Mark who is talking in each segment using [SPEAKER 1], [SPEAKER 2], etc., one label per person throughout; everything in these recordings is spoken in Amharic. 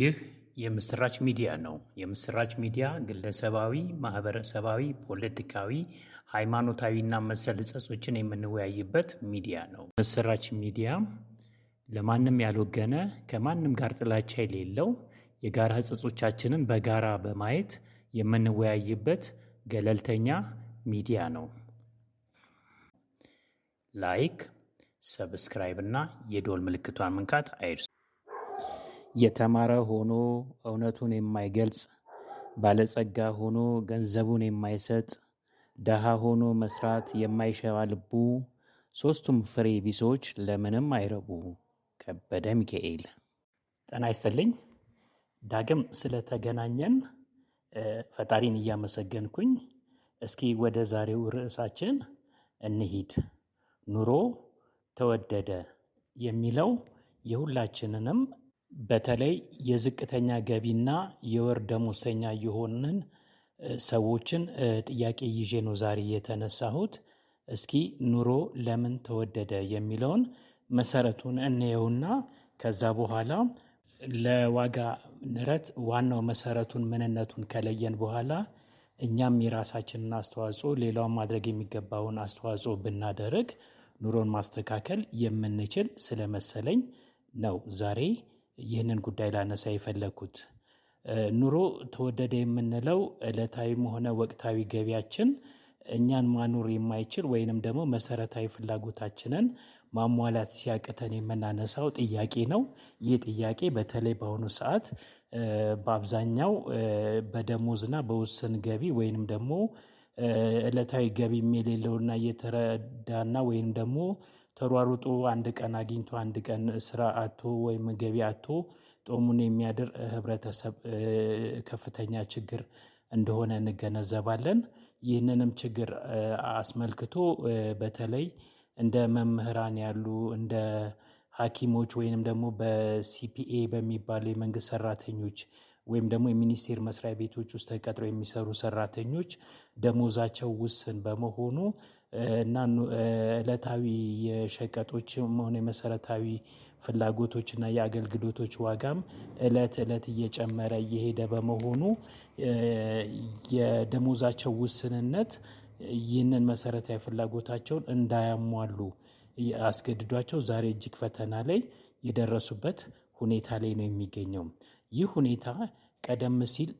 [SPEAKER 1] ይህ የምስራች ሚዲያ ነው። የምስራች ሚዲያ ግለሰባዊ፣ ማህበረሰባዊ፣ ፖለቲካዊ፣ ሃይማኖታዊና መሰል ሕጸጾችን የምንወያይበት ሚዲያ ነው። ምስራች ሚዲያ ለማንም ያልወገነ ከማንም ጋር ጥላቻ የሌለው የጋራ ሕጸጾቻችንን በጋራ በማየት የምንወያይበት ገለልተኛ ሚዲያ ነው። ላይክ፣ ሰብስክራይብ እና የዶል ምልክቷን መንካት አይርሱ። የተማረ ሆኖ እውነቱን የማይገልጽ ባለጸጋ ሆኖ ገንዘቡን የማይሰጥ ደሃ ሆኖ መስራት የማይሸባ ልቡ ሶስቱም ፍሬ ቢሶች ለምንም አይረቡ። ከበደ ሚካኤል። ጤና ይስጥልኝ። ዳግም ስለተገናኘን ፈጣሪን እያመሰገንኩኝ እስኪ ወደ ዛሬው ርዕሳችን እንሂድ። ኑሮ ተወደደ የሚለው የሁላችንንም በተለይ የዝቅተኛ ገቢና የወር ደሞዝተኛ የሆንን ሰዎችን ጥያቄ ይዤ ነው ዛሬ የተነሳሁት። እስኪ ኑሮ ለምን ተወደደ የሚለውን መሰረቱን እንየውና ከዛ በኋላ ለዋጋ ንረት ዋናው መሰረቱን ምንነቱን ከለየን በኋላ እኛም የራሳችንን አስተዋጽኦ ሌላውን ማድረግ የሚገባውን አስተዋጽኦ ብናደርግ ኑሮን ማስተካከል የምንችል ስለመሰለኝ ነው ዛሬ ይህንን ጉዳይ ላነሳ የፈለግኩት ኑሮ ተወደደ የምንለው ዕለታዊም ሆነ ወቅታዊ ገቢያችን እኛን ማኖር የማይችል ወይንም ደግሞ መሰረታዊ ፍላጎታችንን ማሟላት ሲያቅተን የምናነሳው ጥያቄ ነው። ይህ ጥያቄ በተለይ በአሁኑ ሰዓት በአብዛኛው በደሞዝና በውስን ገቢ ወይንም ደግሞ ዕለታዊ ገቢ የሌለውና የተረዳና ወይንም ደግሞ ተሯሩጦ አንድ ቀን አግኝቶ አንድ ቀን ስራ አቶ ወይም ገቢ አቶ ጦሙን የሚያድር ህብረተሰብ ከፍተኛ ችግር እንደሆነ እንገነዘባለን። ይህንንም ችግር አስመልክቶ በተለይ እንደ መምህራን ያሉ እንደ ሀኪሞች ወይንም ደግሞ በሲፒኤ በሚባሉ የመንግስት ሰራተኞች ወይም ደግሞ የሚኒስቴር መስሪያ ቤቶች ውስጥ ተቀጥረው የሚሰሩ ሰራተኞች ደሞዛቸው ውስን በመሆኑ እና እለታዊ የሸቀጦችም ሆነ የመሰረታዊ ፍላጎቶች እና የአገልግሎቶች ዋጋም እለት ዕለት እየጨመረ እየሄደ በመሆኑ የደሞዛቸው ውስንነት ይህንን መሰረታዊ ፍላጎታቸውን እንዳያሟሉ አስገድዷቸው ዛሬ እጅግ ፈተና ላይ የደረሱበት ሁኔታ ላይ ነው የሚገኘው። ይህ ሁኔታ ቀደም ሲል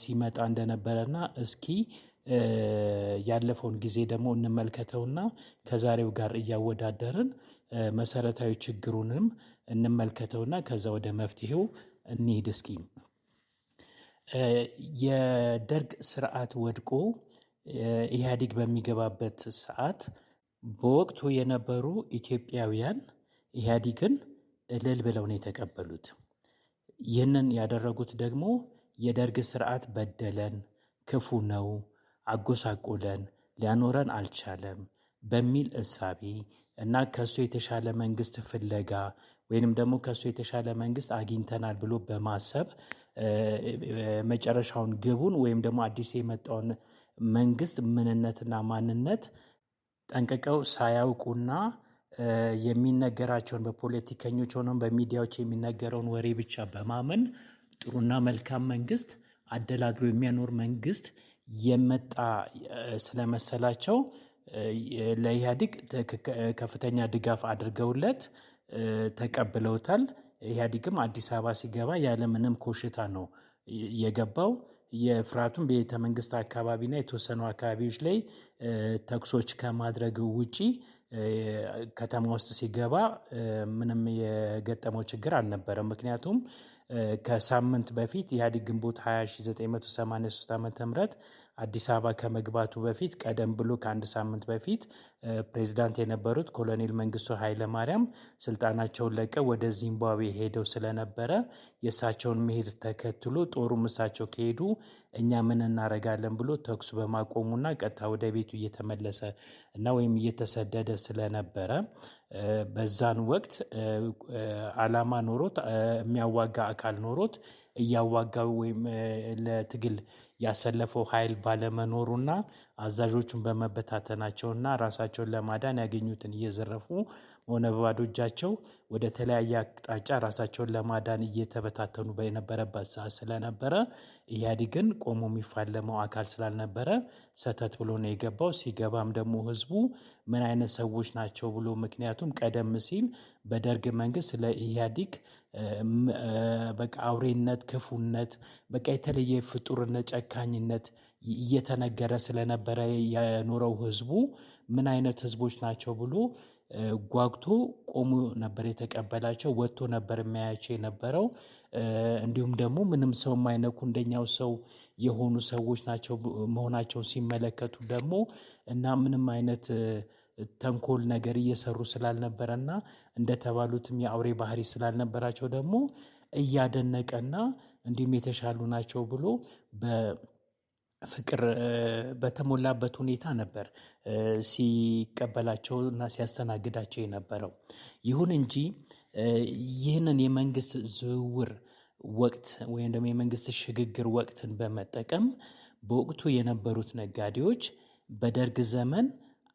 [SPEAKER 1] ሲመጣ እንደነበረና እስኪ ያለፈውን ጊዜ ደግሞ እንመልከተውና ከዛሬው ጋር እያወዳደርን መሰረታዊ ችግሩንም እንመልከተውና ከዛ ወደ መፍትሄው እንሂድ እስኪ። የደርግ ስርዓት ወድቆ ኢህአዲግ በሚገባበት ሰዓት በወቅቱ የነበሩ ኢትዮጵያውያን ኢህአዲግን እልል ብለው ነው የተቀበሉት። ይህንን ያደረጉት ደግሞ የደርግ ስርዓት በደለን፣ ክፉ ነው አጎሳቁለን ሊያኖረን አልቻለም በሚል እሳቤ እና ከእሱ የተሻለ መንግስት ፍለጋ ወይንም ደግሞ ከእሱ የተሻለ መንግስት አግኝተናል ብሎ በማሰብ መጨረሻውን ግቡን ወይም ደግሞ አዲስ የመጣውን መንግስት ምንነትና ማንነት ጠንቅቀው ሳያውቁና የሚነገራቸውን በፖለቲከኞች ሆነው በሚዲያዎች የሚነገረውን ወሬ ብቻ በማመን ጥሩና መልካም መንግስት አደላድሎ የሚያኖር መንግስት የመጣ ስለመሰላቸው ለኢህአዲግ ከፍተኛ ድጋፍ አድርገውለት ተቀብለውታል። ኢህአዲግም አዲስ አበባ ሲገባ ያለምንም ኮሽታ ነው የገባው። የፍራቱን ቤተ መንግስት አካባቢና የተወሰኑ አካባቢዎች ላይ ተኩሶች ከማድረግ ውጪ ከተማ ውስጥ ሲገባ ምንም የገጠመው ችግር አልነበረም። ምክንያቱም ከሳምንት በፊት ኢህአዲግ ግንቦት 2983 ዓ ዓ.ም አዲስ አበባ ከመግባቱ በፊት ቀደም ብሎ ከአንድ ሳምንት በፊት ፕሬዝዳንት የነበሩት ኮሎኔል መንግስቱ ኃይለማርያም ስልጣናቸውን ለቀው ወደ ዚምባብዌ ሄደው ስለነበረ የእሳቸውን መሄድ ተከትሎ ጦሩም እሳቸው ከሄዱ እኛ ምን እናደርጋለን ብሎ ተኩስ በማቆሙና ቀጥታ ወደ ቤቱ እየተመለሰ እና ወይም እየተሰደደ ስለነበረ በዛን ወቅት ዓላማ ኖሮት የሚያዋጋ አካል ኖሮት እያዋጋ ወይም ለትግል ያሰለፈው ኃይል ባለመኖሩና አዛዦቹን በመበታተናቸውና ራሳቸውን ለማዳን ያገኙትን እየዘረፉ ሆነ በባዶ እጃቸው ወደ ተለያየ አቅጣጫ ራሳቸውን ለማዳን እየተበታተኑ በነበረበት ሰዓት ስለነበረ ኢህአዴግን ቆሞ የሚፋለመው አካል ስላልነበረ ሰተት ብሎ ነው የገባው። ሲገባም ደግሞ ህዝቡ ምን አይነት ሰዎች ናቸው ብሎ ምክንያቱም ቀደም ሲል በደርግ መንግስት ለኢህአዴግ በቃ አውሬነት፣ ክፉነት፣ በቃ የተለየ ፍጡርነት፣ ጨካኝነት እየተነገረ ስለነበረ የኖረው ህዝቡ ምን አይነት ህዝቦች ናቸው ብሎ ጓግቶ ቆሞ ነበር የተቀበላቸው ወጥቶ ነበር የሚያያቸው የነበረው። እንዲሁም ደግሞ ምንም ሰው የማይነኩ እንደኛው ሰው የሆኑ ሰዎች ናቸው መሆናቸውን ሲመለከቱ ደግሞ እና ምንም አይነት ተንኮል ነገር እየሰሩ ስላልነበረና እንደተባሉትም የአውሬ ባህሪ ስላልነበራቸው ደግሞ እያደነቀና እንዲሁም የተሻሉ ናቸው ብሎ ፍቅር በተሞላበት ሁኔታ ነበር ሲቀበላቸው እና ሲያስተናግዳቸው የነበረው። ይሁን እንጂ ይህንን የመንግስት ዝውውር ወቅት ወይም ደግሞ የመንግስት ሽግግር ወቅትን በመጠቀም በወቅቱ የነበሩት ነጋዴዎች በደርግ ዘመን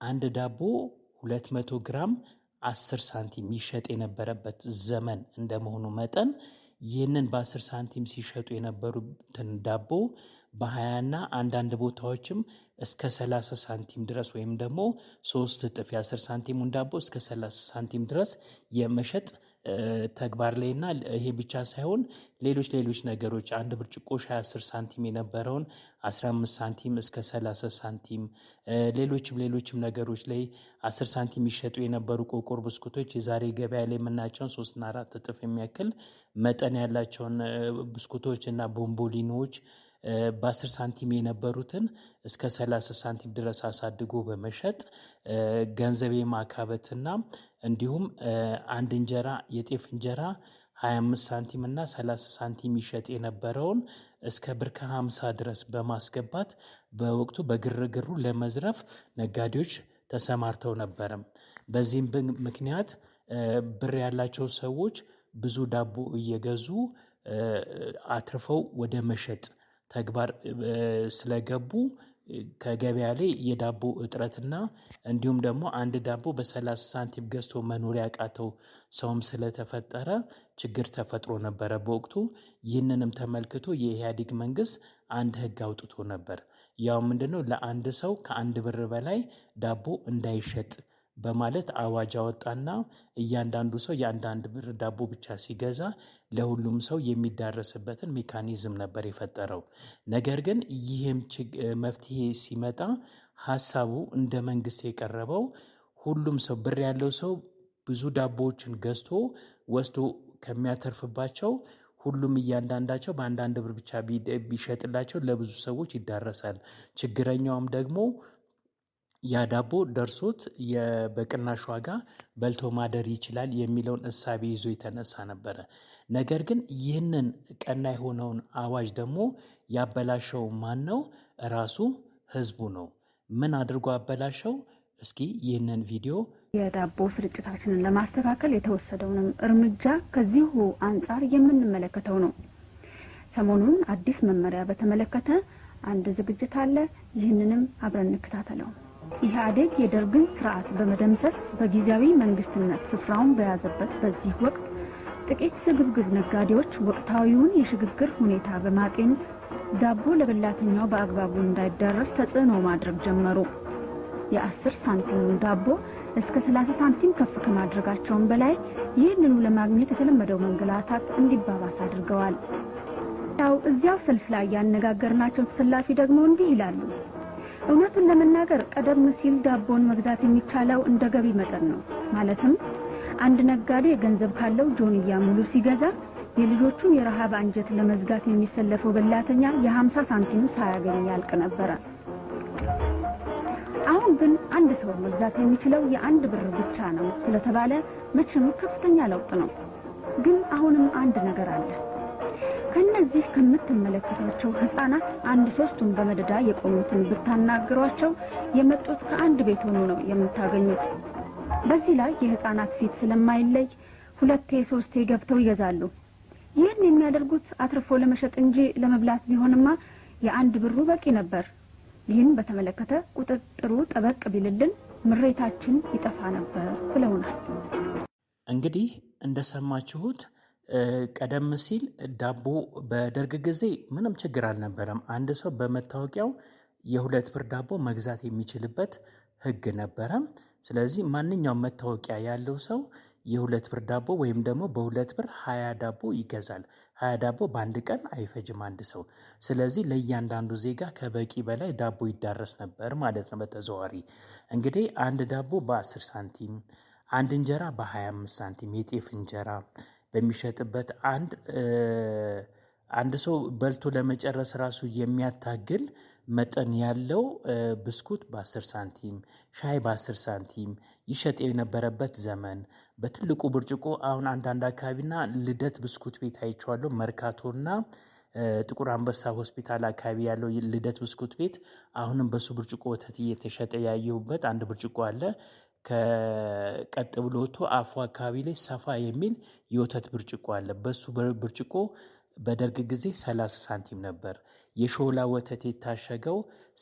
[SPEAKER 1] አንድ ዳቦ 200 ግራም 10 ሳንቲም ይሸጥ የነበረበት ዘመን እንደመሆኑ መጠን ይህንን በ በ10 ሳንቲም ሲሸጡ የነበሩትን ዳቦ በ20 እና አንዳንድ ቦታዎችም እስከ 30 ሳንቲም ድረስ ወይም ደግሞ 3 እጥፍ የ10 ሳንቲሙን ዳቦ እስከ 30 ሳንቲም ድረስ የመሸጥ ተግባር ላይ እና ይሄ ብቻ ሳይሆን ሌሎች ሌሎች ነገሮች አንድ ብርጭቆ ሻይ 10 ሳንቲም የነበረውን 15 ሳንቲም እስከ 30 ሳንቲም ሌሎችም ሌሎችም ነገሮች ላይ 10 ሳንቲም የሚሸጡ የነበሩ ቆቆር ብስኩቶች የዛሬ ገበያ ላይ የምናያቸውን ሶስት እና አራት እጥፍ የሚያክል መጠን ያላቸውን ብስኩቶች እና ቦምቦሊኖዎች በ10 ሳንቲም የነበሩትን እስከ 30 ሳንቲም ድረስ አሳድጎ በመሸጥ ገንዘብ ማካበትና እንዲሁም አንድ እንጀራ የጤፍ እንጀራ 25 ሳንቲም እና 30 ሳንቲም ይሸጥ የነበረውን እስከ ብር ከ50 ድረስ በማስገባት በወቅቱ በግርግሩ ለመዝረፍ ነጋዴዎች ተሰማርተው ነበረም። በዚህም ምክንያት ብር ያላቸው ሰዎች ብዙ ዳቦ እየገዙ አትርፈው ወደ መሸጥ ተግባር ስለገቡ ከገበያ ላይ የዳቦ እጥረትና እንዲሁም ደግሞ አንድ ዳቦ በሰላሳ ሳንቲም ገዝቶ መኖር ያቃተው ሰውም ስለተፈጠረ ችግር ተፈጥሮ ነበረ በወቅቱ ይህንንም ተመልክቶ የኢህአዴግ መንግስት አንድ ህግ አውጥቶ ነበር ያው ምንድነው ለአንድ ሰው ከአንድ ብር በላይ ዳቦ እንዳይሸጥ በማለት አዋጅ አወጣና እያንዳንዱ ሰው የአንዳንድ ብር ዳቦ ብቻ ሲገዛ ለሁሉም ሰው የሚዳረስበትን ሜካኒዝም ነበር የፈጠረው። ነገር ግን ይህም መፍትሄ ሲመጣ ሀሳቡ እንደ መንግስት የቀረበው ሁሉም ሰው ብር ያለው ሰው ብዙ ዳቦዎችን ገዝቶ ወስዶ ከሚያተርፍባቸው ሁሉም እያንዳንዳቸው በአንዳንድ ብር ብቻ ቢሸጥላቸው ለብዙ ሰዎች ይዳረሳል። ችግረኛውም ደግሞ ያ ዳቦ ደርሶት በቅናሽ ዋጋ በልቶ ማደር ይችላል የሚለውን እሳቤ ይዞ የተነሳ ነበረ። ነገር ግን ይህንን ቀና የሆነውን አዋጅ ደግሞ ያበላሸው ነው? ራሱ ህዝቡ ነው። ምን አድርጎ አበላሸው? እስኪ ይህንን ቪዲዮ
[SPEAKER 2] የዳቦ ስርጭታችንን ለማስተካከል የተወሰደውንም እርምጃ ከዚሁ አንጻር የምንመለከተው ነው። ሰሞኑን አዲስ መመሪያ በተመለከተ አንድ ዝግጅት አለ። ይህንንም አብረን እንከታተለው። ኢህአዴግ የደርግን ስርዓት በመደምሰስ በጊዜያዊ መንግስትነት ስፍራውን በያዘበት በዚህ ወቅት ጥቂት ስግብግብ ነጋዴዎች ወቅታዊውን የሽግግር ሁኔታ በማጤን ዳቦ ለበላተኛው በአግባቡ እንዳይዳረስ ተጽዕኖ ማድረግ ጀመሩ። የአስር ሳንቲም ዳቦ እስከ 30 ሳንቲም ከፍ ከማድረጋቸውም በላይ ይህንኑ ለማግኘት የተለመደው መንገላታት እንዲባባስ አድርገዋል። ያው እዚያው ሰልፍ ላይ ያነጋገርናቸው ተሰላፊ ደግሞ እንዲህ ይላሉ። እውነቱን ለመናገር ቀደም ሲል ዳቦን መግዛት የሚቻለው እንደ ገቢ መጠን ነው። ማለትም አንድ ነጋዴ ገንዘብ ካለው ጆንያ ሙሉ ሲገዛ የልጆቹን የረሃብ አንጀት ለመዝጋት የሚሰለፈው በላተኛ የ50 ሳንቲም ሳያገኝ ያልቅ ነበረ። አሁን ግን አንድ ሰው መግዛት የሚችለው የአንድ ብር ብቻ ነው ስለተባለ መቼም ከፍተኛ ለውጥ ነው። ግን አሁንም አንድ ነገር አለ። ከእነዚህ ከምትመለከቷቸው ህፃናት አንድ ሶስቱን በመደዳ የቆሙትን ብታናግሯቸው የመጡት ከአንድ ቤት ሆኖ ነው የምታገኙት። በዚህ ላይ የህፃናት ፊት ስለማይለይ ሁለቴ ሶስቴ ገብተው ይገዛሉ። ይህን የሚያደርጉት አትርፎ ለመሸጥ እንጂ ለመብላት ቢሆንማ የአንድ ብሩ በቂ ነበር። ይህን በተመለከተ ቁጥጥሩ ጠበቅ ቢልልን ምሬታችን ይጠፋ ነበር ብለውናል።
[SPEAKER 1] እንግዲህ እንደሰማችሁት ቀደም ሲል ዳቦ በደርግ ጊዜ ምንም ችግር አልነበረም። አንድ ሰው በመታወቂያው የሁለት ብር ዳቦ መግዛት የሚችልበት ህግ ነበረ። ስለዚህ ማንኛውም መታወቂያ ያለው ሰው የሁለት ብር ዳቦ ወይም ደግሞ በሁለት ብር ሃያ ዳቦ ይገዛል። ሀያ ዳቦ በአንድ ቀን አይፈጅም አንድ ሰው። ስለዚህ ለእያንዳንዱ ዜጋ ከበቂ በላይ ዳቦ ይዳረስ ነበር ማለት ነው። በተዘዋዋሪ እንግዲህ አንድ ዳቦ በአስር ሳንቲም፣ አንድ እንጀራ በ አምስት ሳንቲም የጤፍ እንጀራ በሚሸጥበት አንድ አንድ ሰው በልቶ ለመጨረስ ራሱ የሚያታግል መጠን ያለው ብስኩት በ10 ሳንቲም ሻይ በ10 ሳንቲም ይሸጥ የነበረበት ዘመን በትልቁ ብርጭቆ አሁን አንዳንድ አካባቢና ልደት ብስኩት ቤት አይቼዋለሁ። መርካቶና ጥቁር አንበሳ ሆስፒታል አካባቢ ያለው ልደት ብስኩት ቤት አሁንም በሱ ብርጭቆ ወተት እየተሸጠ ያየሁበት አንድ ብርጭቆ አለ። ከቀጥ ብሎ ወጥቶ አፉ አካባቢ ላይ ሰፋ የሚል የወተት ብርጭቆ አለ። በሱ ብርጭቆ በደርግ ጊዜ 30 ሳንቲም ነበር። የሾላ ወተት የታሸገው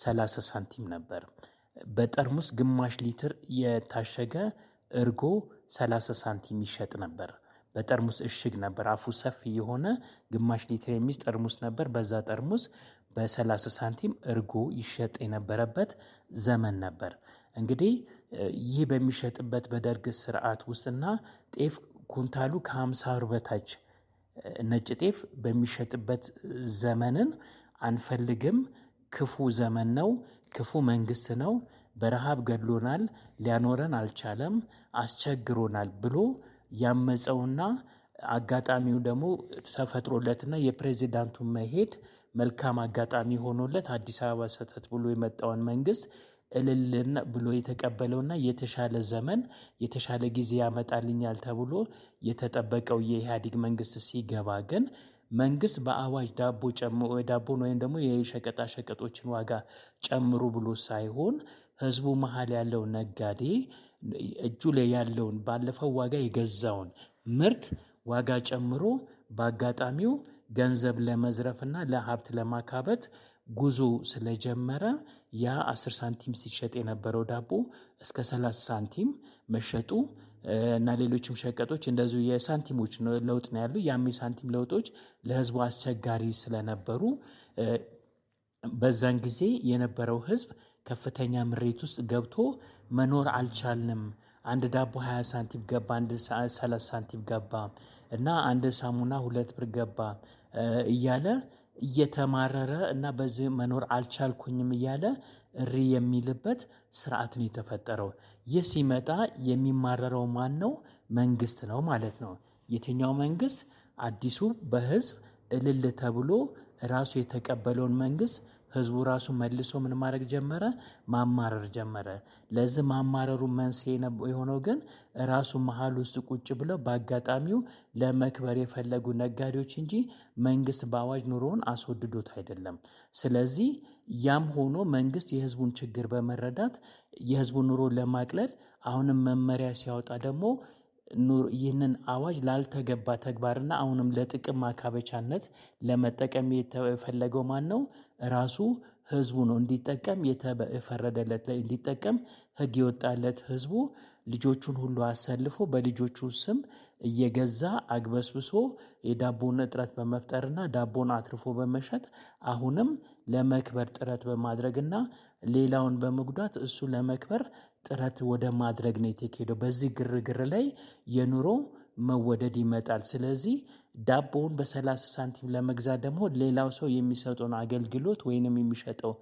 [SPEAKER 1] 30 ሳንቲም ነበር። በጠርሙስ ግማሽ ሊትር የታሸገ እርጎ 30 ሳንቲም ይሸጥ ነበር። በጠርሙስ እሽግ ነበር። አፉ ሰፊ የሆነ ግማሽ ሊትር የሚይዝ ጠርሙስ ነበር። በዛ ጠርሙስ በ30 ሳንቲም እርጎ ይሸጥ የነበረበት ዘመን ነበር እንግዲህ ይህ በሚሸጥበት በደርግ ስርዓት ውስጥና ጤፍ ኩንታሉ ከሀምሳ ብር በታች ነጭ ጤፍ በሚሸጥበት ዘመንን አንፈልግም። ክፉ ዘመን ነው። ክፉ መንግስት ነው። በረሃብ ገድሎናል፣ ሊያኖረን አልቻለም፣ አስቸግሮናል ብሎ ያመፀውና አጋጣሚው ደግሞ ተፈጥሮለትና የፕሬዚዳንቱ መሄድ መልካም አጋጣሚ ሆኖለት አዲስ አበባ ሰተት ብሎ የመጣውን መንግስት እልልና ብሎ የተቀበለውና የተሻለ ዘመን የተሻለ ጊዜ ያመጣልኛል ተብሎ የተጠበቀው የኢህአዴግ መንግስት ሲገባ ግን መንግስት በአዋጅ ዳቦ ዳቦን ወይም ደግሞ የሸቀጣ ሸቀጦችን ዋጋ ጨምሩ ብሎ ሳይሆን ህዝቡ መሀል ያለው ነጋዴ እጁ ላይ ያለውን ባለፈው ዋጋ የገዛውን ምርት ዋጋ ጨምሮ በአጋጣሚው ገንዘብ ለመዝረፍና ለሀብት ለማካበት ጉዞ ስለጀመረ ያ 10 ሳንቲም ሲሸጥ የነበረው ዳቦ እስከ 30 ሳንቲም መሸጡ እና ሌሎችም ሸቀጦች እንደዚሁ የሳንቲሞች ለውጥ ነው ያሉ ያም የሳንቲም ለውጦች ለህዝቡ አስቸጋሪ ስለነበሩ በዛን ጊዜ የነበረው ህዝብ ከፍተኛ ምሬት ውስጥ ገብቶ መኖር አልቻልንም። አንድ ዳቦ 20 ሳንቲም ገባ፣ አንድ 30 ሳንቲም ገባ እና አንድ ሳሙና ሁለት ብር ገባ እያለ እየተማረረ እና በዚህ መኖር አልቻልኩኝም እያለ እሪ የሚልበት ስርዓት ነው የተፈጠረው። ይህ ሲመጣ የሚማረረው ነው? መንግስት ነው ማለት ነው። የትኛው መንግስት? አዲሱ በህዝብ እልል ተብሎ ራሱ የተቀበለውን መንግስት ህዝቡ ራሱ መልሶ ምን ማድረግ ጀመረ? ማማረር ጀመረ። ለዚህ ማማረሩ መንስኤ የሆነው ግን ራሱ መሀል ውስጥ ቁጭ ብለው በአጋጣሚው ለመክበር የፈለጉ ነጋዴዎች እንጂ መንግስት በአዋጅ ኑሮውን አስወድዶት አይደለም። ስለዚህ ያም ሆኖ መንግስት የህዝቡን ችግር በመረዳት የህዝቡን ኑሮ ለማቅለል አሁንም መመሪያ ሲያወጣ ደግሞ ይህንን አዋጅ ላልተገባ ተግባርና አሁንም ለጥቅም ማካበቻነት ለመጠቀም የተፈለገው ማን ነው? ራሱ ህዝቡ ነው እንዲጠቀም የፈረደለት ላይ እንዲጠቀም ህግ የወጣለት ህዝቡ ልጆቹን ሁሉ አሰልፎ በልጆቹ ስም እየገዛ አግበስብሶ የዳቦን እጥረት በመፍጠርና ዳቦን አትርፎ በመሸጥ አሁንም ለመክበር ጥረት በማድረግና ሌላውን በመጉዳት እሱ ለመክበር ጥረት ወደ ማድረግ ነው የተካሄደው። በዚህ ግርግር ላይ የኑሮ መወደድ ይመጣል። ስለዚህ ዳቦውን በሰላሳ ሳንቲም ለመግዛት ደግሞ ሌላው ሰው የሚሰጠውን አገልግሎት ወይንም የሚሸጠው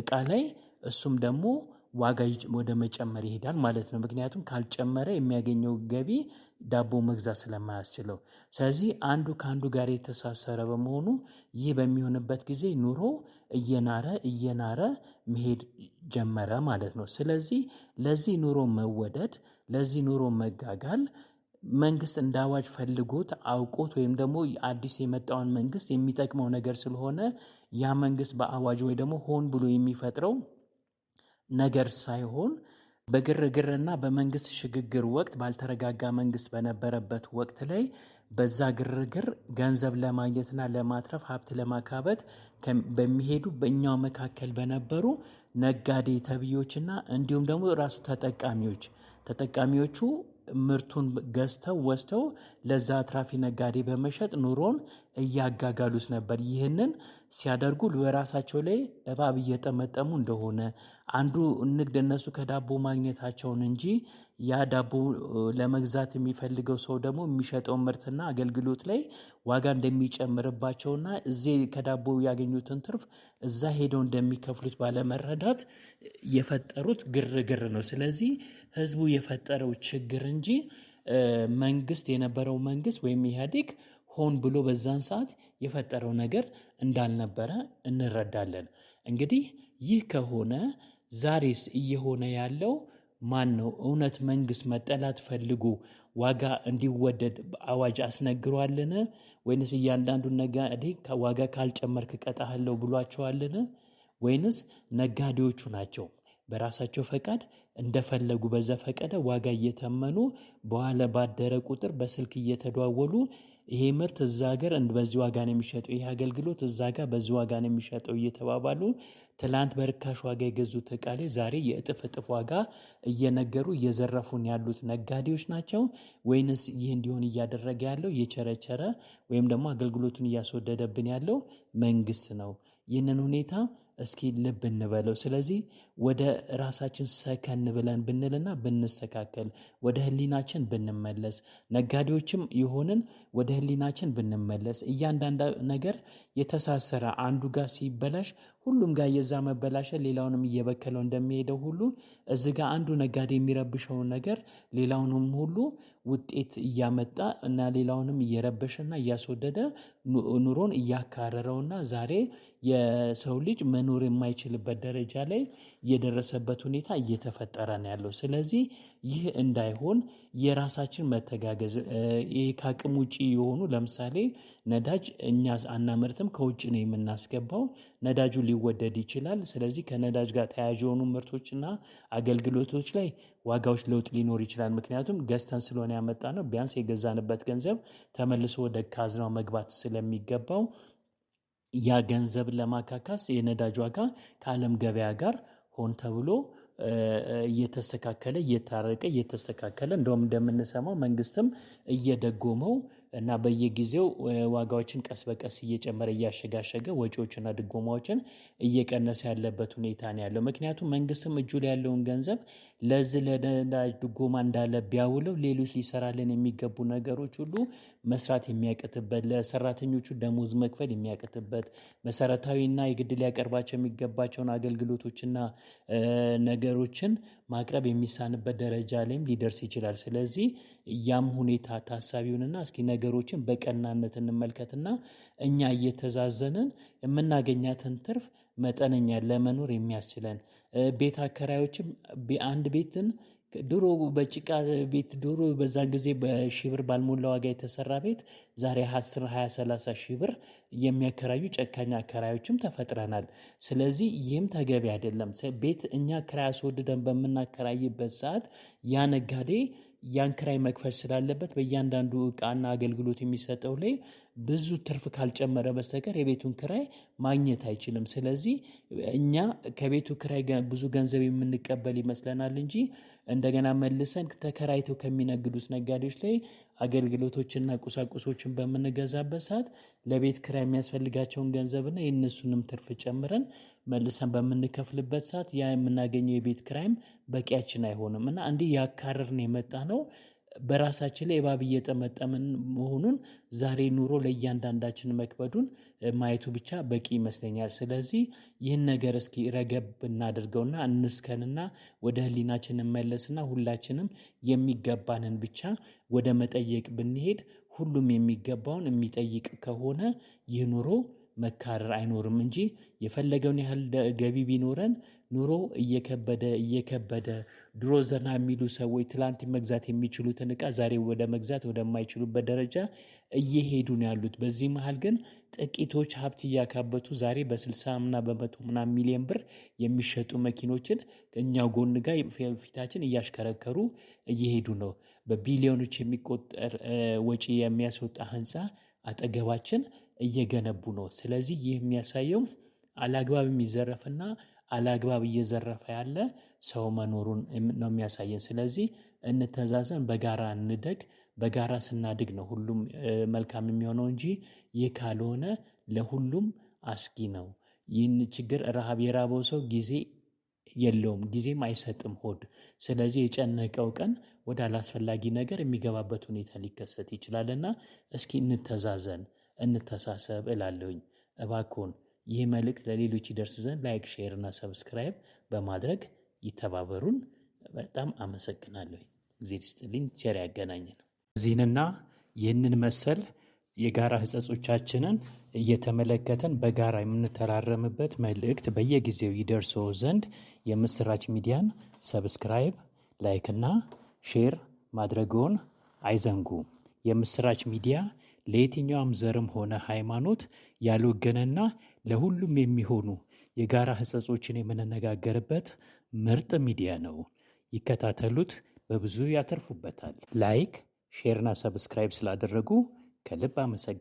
[SPEAKER 1] እቃ ላይ እሱም ደግሞ ዋጋ ወደ መጨመር ይሄዳል ማለት ነው። ምክንያቱም ካልጨመረ የሚያገኘው ገቢ ዳቦ መግዛት ስለማያስችለው ስለዚህ አንዱ ከአንዱ ጋር የተሳሰረ በመሆኑ ይህ በሚሆንበት ጊዜ ኑሮ እየናረ እየናረ መሄድ ጀመረ ማለት ነው። ስለዚህ ለዚህ ኑሮ መወደድ ለዚህ ኑሮ መጋጋል መንግስት እንደ አዋጅ ፈልጎት አውቆት ወይም ደግሞ አዲስ የመጣውን መንግስት የሚጠቅመው ነገር ስለሆነ ያ መንግስት በአዋጅ ወይ ደግሞ ሆን ብሎ የሚፈጥረው ነገር ሳይሆን በግርግርና በመንግስት ሽግግር ወቅት ባልተረጋጋ መንግስት በነበረበት ወቅት ላይ በዛ ግርግር ገንዘብ ለማግኘትና ለማትረፍ ሀብት ለማካበት በሚሄዱ በእኛው መካከል በነበሩ ነጋዴ ተብዮችና እንዲሁም ደግሞ ራሱ ተጠቃሚዎች ተጠቃሚዎቹ ምርቱን ገዝተው ወስደው ለዛ አትራፊ ነጋዴ በመሸጥ ኑሮን እያጋጋሉት ነበር። ይህንን ሲያደርጉ በራሳቸው ላይ እባብ እየጠመጠሙ እንደሆነ አንዱ ንግድ እነሱ ከዳቦ ማግኘታቸውን እንጂ ያ ዳቦ ለመግዛት የሚፈልገው ሰው ደግሞ የሚሸጠው ምርትና አገልግሎት ላይ ዋጋ እንደሚጨምርባቸውና እዚህ ከዳቦ ያገኙትን ትርፍ እዛ ሄደው እንደሚከፍሉት ባለመረዳት የፈጠሩት ግርግር ነው። ስለዚህ ህዝቡ የፈጠረው ችግር እንጂ መንግስት የነበረው መንግስት ወይም ኢህአዴግ ሆን ብሎ በዛን ሰዓት የፈጠረው ነገር እንዳልነበረ እንረዳለን። እንግዲህ ይህ ከሆነ ዛሬስ እየሆነ ያለው ማን ነው? እውነት መንግስት መጠላት ፈልጎ ዋጋ እንዲወደድ አዋጅ አስነግሯልን? ወይንስ እያንዳንዱ ነጋዴ ዋጋ ካልጨመርክ እቀጣሃለሁ ብሏቸዋልን? ወይንስ ነጋዴዎቹ ናቸው በራሳቸው ፈቃድ እንደፈለጉ በዘፈቀደ ዋጋ እየተመኑ በኋላ ባደረ ቁጥር በስልክ እየተደዋወሉ ይሄ ምርት እዛ ሀገር በዚህ ዋጋ ነው የሚሸጠው ይሄ አገልግሎት እዛ ጋር በዚህ ዋጋ ነው የሚሸጠው እየተባባሉ ትላንት በርካሽ ዋጋ የገዙት እቃ ላይ ዛሬ የእጥፍ እጥፍ ዋጋ እየነገሩ እየዘረፉን ያሉት ነጋዴዎች ናቸው። ወይንስ ይህ እንዲሆን እያደረገ ያለው የቸረቸረ ወይም ደግሞ አገልግሎቱን እያስወደደብን ያለው መንግስት ነው። ይህንን ሁኔታ እስኪ ልብ እንበለው ስለዚህ ወደ ራሳችን ሰከን ብለን ብንልና ብንስተካከል ወደ ህሊናችን ብንመለስ ነጋዴዎችም የሆንን ወደ ህሊናችን ብንመለስ እያንዳንዱ ነገር የተሳሰረ አንዱ ጋር ሲበላሽ ሁሉም ጋር የዛ መበላሸ ሌላውንም እየበከለው እንደሚሄደው ሁሉ እዚ ጋር አንዱ ነጋዴ የሚረብሸውን ነገር ሌላውንም ሁሉ ውጤት እያመጣ እና ሌላውንም እየረበሸና እያስወደደ ኑሮን እያካረረውና ዛሬ የሰው ልጅ መኖር የማይችልበት ደረጃ ላይ የደረሰበት ሁኔታ እየተፈጠረ ነው ያለው። ስለዚህ ይህ እንዳይሆን የራሳችን መተጋገዝ ይሄ ከአቅም ውጪ የሆኑ ለምሳሌ ነዳጅ እኛ አናመርትም፣ ከውጭ ነው የምናስገባው። ነዳጁ ሊወደድ ይችላል። ስለዚህ ከነዳጅ ጋር ተያያዥ የሆኑ ምርቶችና አገልግሎቶች ላይ ዋጋዎች ለውጥ ሊኖር ይችላል። ምክንያቱም ገዝተን ስለሆነ ነው ቢያንስ የገዛንበት ገንዘብ ተመልሶ ወደ ካዝናው መግባት ስለሚገባው ያ ገንዘብ ለማካካስ የነዳጅ ዋጋ ከዓለም ገበያ ጋር ሆን ተብሎ እየተስተካከለ እየታረቀ እየተስተካከለ እንደውም እንደምንሰማው መንግስትም እየደጎመው እና በየጊዜው ዋጋዎችን ቀስ በቀስ እየጨመረ እያሸጋሸገ ወጪዎችና ድጎማዎችን እየቀነሰ ያለበት ሁኔታ ነው ያለው። ምክንያቱም መንግስትም እጁ ላይ ያለውን ገንዘብ ለዚህ ለነዳጅ ድጎማ እንዳለ ቢያውለው ሌሎች ሊሰራልን የሚገቡ ነገሮች ሁሉ መስራት የሚያቅትበት ለሰራተኞቹ ደሞዝ መክፈል የሚያቅትበት መሰረታዊና የግድ ሊያቀርባቸው የሚገባቸውን አገልግሎቶችና ነገሮችን ማቅረብ የሚሳንበት ደረጃ ላይም ሊደርስ ይችላል። ስለዚህ ያም ሁኔታ ታሳቢውንና እስኪ ነገሮችን በቀናነት እንመልከትና እኛ እየተዛዘንን የምናገኛትን ትርፍ መጠነኛ ለመኖር የሚያስችለን ቤት አከራዮችም አንድ ቤትን ድሮ በጭቃ ቤት ድሮ በዛ ጊዜ በሺህ ብር ባልሞላ ዋጋ የተሰራ ቤት ዛሬ አስር ሀያ ሰላሳ ሺህ ብር የሚያከራዩ ጨካኝ አከራዮችም ተፈጥረናል። ስለዚህ ይህም ተገቢ አይደለም። ቤት እኛ ክራይ አስወድደን በምናከራይበት ሰዓት ያ ነጋዴ ያን ክራይ መክፈል ስላለበት በእያንዳንዱ እቃና አገልግሎት የሚሰጠው ላይ ብዙ ትርፍ ካልጨመረ በስተቀር የቤቱን ክራይ ማግኘት አይችልም። ስለዚህ እኛ ከቤቱ ክራይ ብዙ ገንዘብ የምንቀበል ይመስለናል እንጂ እንደገና መልሰን ተከራይተው ከሚነግዱት ነጋዴዎች ላይ አገልግሎቶችና ቁሳቁሶችን በምንገዛበት ሰዓት ለቤት ክራይ የሚያስፈልጋቸውን ገንዘብና የእነሱንም ትርፍ ጨምረን መልሰን በምንከፍልበት ሰዓት ያ የምናገኘው የቤት ክራይም በቂያችን አይሆንም እና እንዲህ ያካረርን የመጣ ነው። በራሳችን ላይ እባብ እየጠመጠምን መሆኑን ዛሬ ኑሮ ለእያንዳንዳችን መክበዱን ማየቱ ብቻ በቂ ይመስለኛል። ስለዚህ ይህን ነገር እስኪ ረገብ እናደርገውና እንስከንና ወደ ህሊናችን እንመለስና ሁላችንም የሚገባንን ብቻ ወደ መጠየቅ ብንሄድ ሁሉም የሚገባውን የሚጠይቅ ከሆነ ይህ ኑሮ መካረር አይኖርም እንጂ የፈለገውን ያህል ገቢ ቢኖረን ኑሮ እየከበደ እየከበደ ድሮ ዘና የሚሉ ሰዎች ትላንት መግዛት የሚችሉትን እቃ ዛሬ ወደ መግዛት ወደማይችሉበት ደረጃ እየሄዱ ነው ያሉት። በዚህ መሀል ግን ጥቂቶች ሀብት እያካበቱ ዛሬ በስልሳ ምና በመቶ ምና ሚሊዮን ብር የሚሸጡ መኪኖችን እኛው ጎን ጋር ፊታችን እያሽከረከሩ እየሄዱ ነው። በቢሊዮኖች የሚቆጠር ወጪ የሚያስወጣ ህንፃ አጠገባችን እየገነቡ ነው። ስለዚህ ይህ የሚያሳየው አላግባብ የሚዘረፍና አላግባብ እየዘረፈ ያለ ሰው መኖሩን ነው የሚያሳየን። ስለዚህ እንተዛዘን፣ በጋራ እንደግ። በጋራ ስናድግ ነው ሁሉም መልካም የሚሆነው እንጂ ይህ ካልሆነ ለሁሉም አስጊ ነው። ይህን ችግር ረሃብ የራበው ሰው ጊዜ የለውም፣ ጊዜም አይሰጥም ሆድ። ስለዚህ የጨነቀው ቀን ወደ አላስፈላጊ ነገር የሚገባበት ሁኔታ ሊከሰት ይችላልና እስኪ እንተዛዘን፣ እንተሳሰብ እላለሁኝ እባክዎን ይህ መልእክት ለሌሎች ይደርስ ዘንድ ላይክ፣ ሼር እና ሰብስክራይብ በማድረግ ይተባበሩን። በጣም አመሰግናለሁ። እግዜር ይስጥልኝ። ቸር ያገናኘን። እዚህንና ይህንን መሰል የጋራ ሕጸጾቻችንን እየተመለከተን በጋራ የምንተራረምበት መልእክት በየጊዜው ይደርሶ ዘንድ የምስራች ሚዲያን ሰብስክራይብ፣ ላይክ እና ሼር ማድረገውን አይዘንጉ። የምስራች ሚዲያ ለየትኛውም ዘርም ሆነ ሃይማኖት ያልወገነና ለሁሉም የሚሆኑ የጋራ ሕጸጾችን የምንነጋገርበት ምርጥ ሚዲያ ነው። ይከታተሉት፣ በብዙ ያተርፉበታል። ላይክ፣ ሼርና ሰብስክራይብ ስላደረጉ ከልብ አመሰግናለሁ።